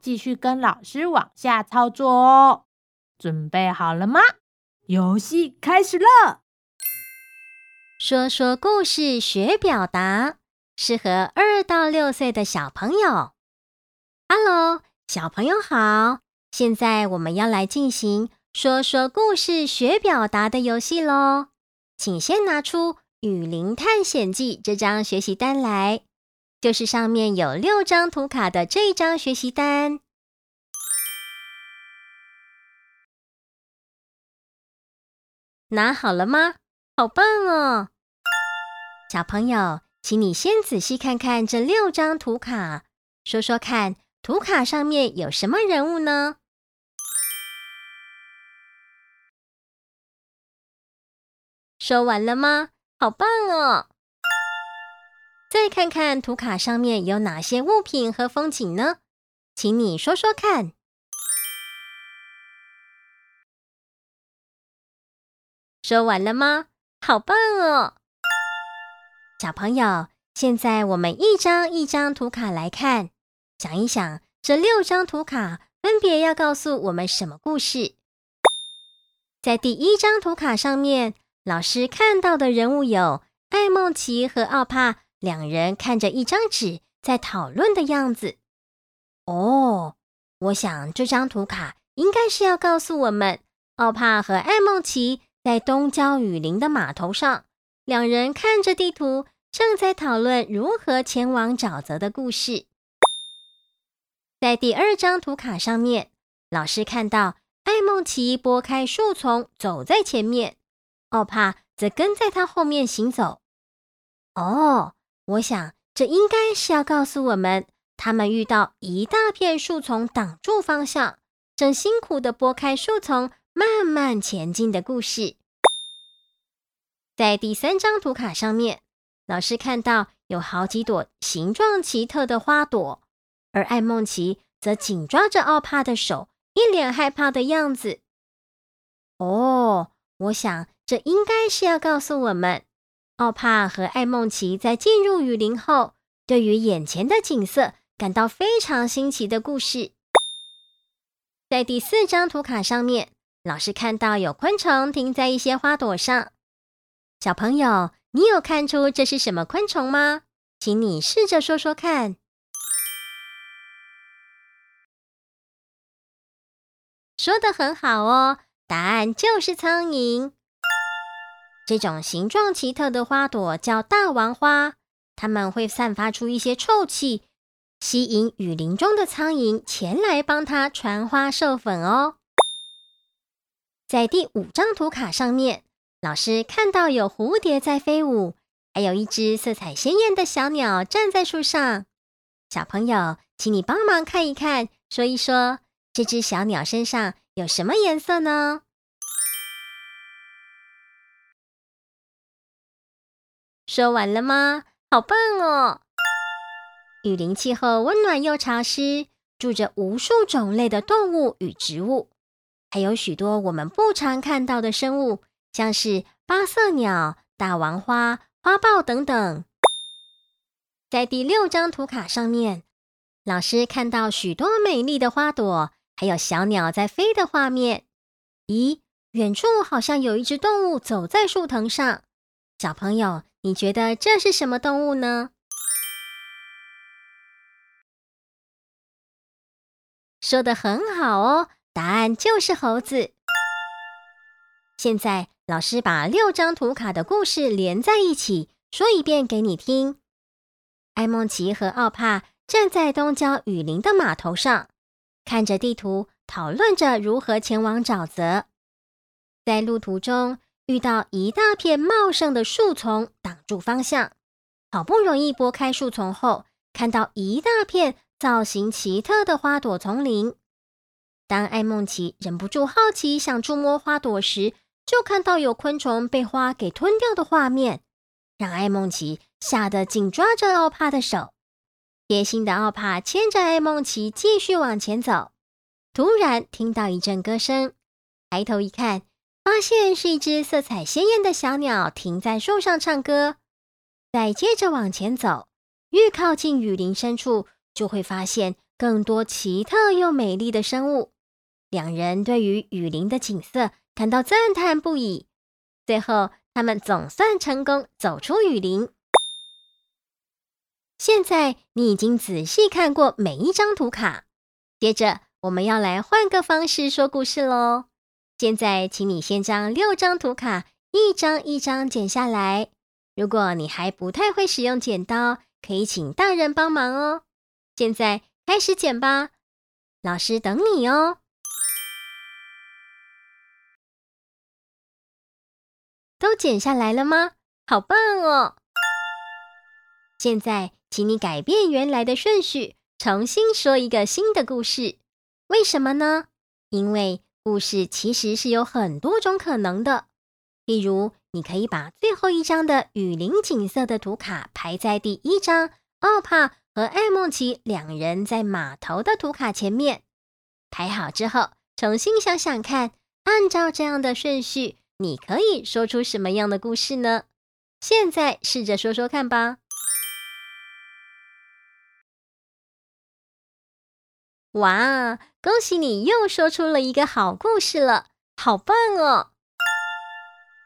繼續跟老師往下操作哦，準備好了嗎？遊戲開始了。說說故事學表達，適合二到六歲的小朋友。Hello，小朋友好，現在我們要來進行說說故事學表達的遊戲咯。請先拿出《雨林探險記》這張學習單來。就是上面有六張圖卡的這張學習單，拿好了嗎？好棒哦，小朋友，請你先仔細看看這六張圖卡，說說看，圖卡上面有什麼人物呢？說完了嗎？好棒哦！再看看圖卡上面有哪些物品和風景呢？請你說說看。說完了嗎？好棒哦！小朋友，現在我們一張一張圖卡來看，想一想，這六張圖卡分別要告訴我們什麼故事。在第一張圖卡上面，老師看到的人物有愛孟奇和奧帕。兩人看着一張紙，在討論的樣子。哦，我想這張圖卡應該是要告訴我們，奧帕和愛孟奇在東郊雨林的碼頭上，兩人看着地圖，正在討論如何前往沼澤的故事。在第二張圖卡上面，老師看到愛孟奇撥開樹叢，走在前面，奧帕則跟在他後面行走。哦。我想，這應該是要告訴我們，他們遇到一大片樹叢擋住方向，正辛苦的撥開樹叢，慢慢前進的故事。在第三張圖卡上面，老師看到有好幾朵形狀奇特的花朵，而愛孟奇則緊抓着奧帕的手，一臉害怕的樣子。哦，我想，這應該是要告訴我們。奧帕和愛孟奇在進入雨林後，對於眼前的景色感到非常新奇的故事。在第四張圖卡上面，老師看到有昆蟲停在一些花朵上。小朋友，你有看出這是什麼昆蟲嗎？請你試着說說看。說得很好哦，答案就是蒼蠅。這種形狀奇特的花朵叫大王花，它們會散發出一些臭氣，吸引雨林中的蒼蠅前來幫它傳花授粉哦。在第五張圖卡上面，老師看到有蝴蝶在飛舞，還有一隻色彩鮮豔的小鳥站在樹上。小朋友，請你幫忙看一看，說一說這隻小鳥身上有什麼顏色呢？說完了嗎？好棒哦！雨林氣候溫暖又潮濕，住着無數種類的動物與植物，還有許多我們不常看到的生物，像是八色鳥、大王花、花豹等等。在第六張圖卡上面，老師看到許多美麗的花朵，還有小鳥在飛的畫面。咦，遠處好像有一隻動物走在樹藤上，小朋友。你覺得這是什麼動物呢？說得很好哦，答案就是猴子。現在老師把六張圖卡的故事連在一起，說一遍給你聽。愛孟奇和奧帕站在東郊雨林的碼頭上，看着地圖，討論着如何前往沼澤。在路途中遇到一大片茂盛的樹叢。主方向，好不容易撥開樹叢後，看到一大片造型奇特的花朵叢林。當愛孟奇忍不住好奇想觸摸花朵時，就看到有昆蟲被花給吞掉的畫面，讓愛孟奇嚇得緊抓着奧帕的手。貼心的奧帕牽着愛孟奇繼續往前走，突然聽到一陣歌聲，抬頭一看。發現是一只色彩鮮豔的小鳥停在樹上唱歌。再接着往前走，越靠近雨林深處，就會發現更多奇特又美麗的生物。兩人對於雨林的景色感到讚嘆不已。最後，他們總算成功走出雨林。現在你已經仔細看過每一張圖卡，接着我們要來換個方式說故事嘍。現在，請你先將六張圖卡一張一張剪下來。如果你還不太會使用剪刀，可以請大人幫忙哦。現在開始剪吧，老師等你哦。都剪下來了嗎？好棒哦！現在，請你改變原來的順序，重新說一個新的故事。為什麼呢？因為。故事其實是有很多種可能的，例如，你可以把最後一張的雨林景色的圖卡排在第一張，奧帕和愛孟奇兩人在碼頭的圖卡前面。排好之後，重新想想看，按照這樣的順序，你可以說出什麼樣的故事呢？現在試着說說看吧。哇！恭喜你又說出了一個好故事了，好棒哦！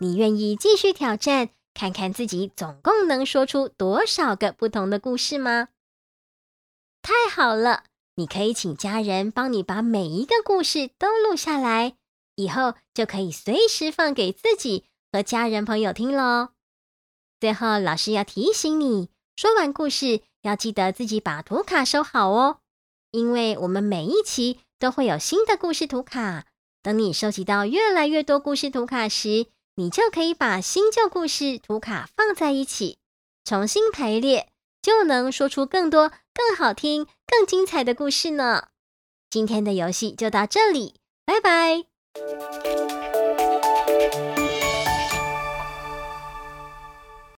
你願意繼續挑戰，看看自己總共能說出多少個不同的故事嗎？太好了，你可以請家人幫你把每一個故事都錄下來，以後就可以隨時放給自己和家人朋友聽咯。最後，老師要提醒你，說完故事要記得自己把圖卡收好哦。因為我們每一期都會有新的故事圖卡，等你收集到越來越多故事圖卡時，你就可以把新舊故事圖卡放在一起，重新排列，就能說出更多、更好聽、更精彩的故事呢。今天的遊戲就到這裡，拜拜。